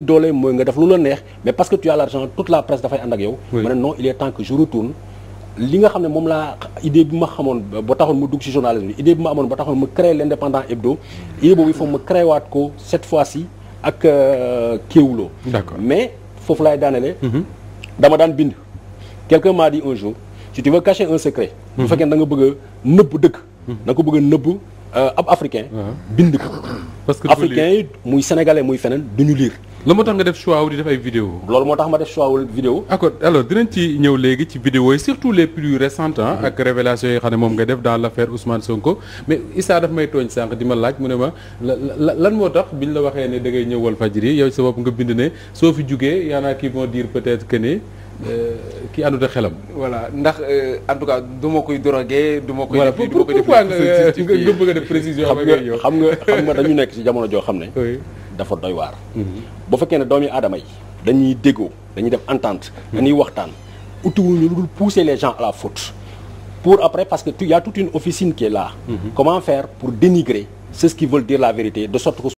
doole mooy nga def lu la neex mais parce que tu as l'argent toute la presse dafay ànd ak yow ma non il est temps que je retourne li nga xam ne moom laa idée bi ma xamoon ba taxoon mu dugg ci journalisme bi bi ma amoon ba taxoon mu créer l'indépendant hebdo idée boobu il faut ma créé waat ko cette fois-ci ak euh, Kéwoulo mais foofu laay daanale mhm. dama daan bind quelqu'un m'a dit un jour si tu veux cacher un secret bu mhm. fekkee da nga bëgg a nëbb dëkk mhm. da ko bëgg a nëbb euh, ab africain bind ko africain muy sénégalais muy feneen duñu lire la moo tax nga def choix wu di def ay vidéo loolu moo tax ma def choix wu vidéo accord alors dinañ ci ñëw léegi ci vidéo yi surtout les plus récentes ah ak révélation yi xam ne moom nga def dans l' affaire Ousmane Sonko mais Issa daf may tooñ sànq di ma laaj mu ne ma lan moo tax biñ la waxee ne da ngay ñëw Walfadjri yow sa nga bind ne soo fi jugee yaanaa qui vont dire peut-être que ne euh, ki àndut ak xelam. voilà ndax euh, en tout cas du ma koy drogué du ma koy. voilà pour pourquoi nga nga bëgg a def précision. nga xam nga dañu nekk ci jamono joo xam ne. dafa doy waar. Mhm. bu fekkee ne doomi aadama yi dañuy déggoo dañuy def entente. Mhm. dañuy waxtaan utiwuñu lu dul pousser les gens la faute. pour après parce que il y a une officine qui est mhm. comment faire pour dénigrer ceux qui veulent dire la vérité de sorte que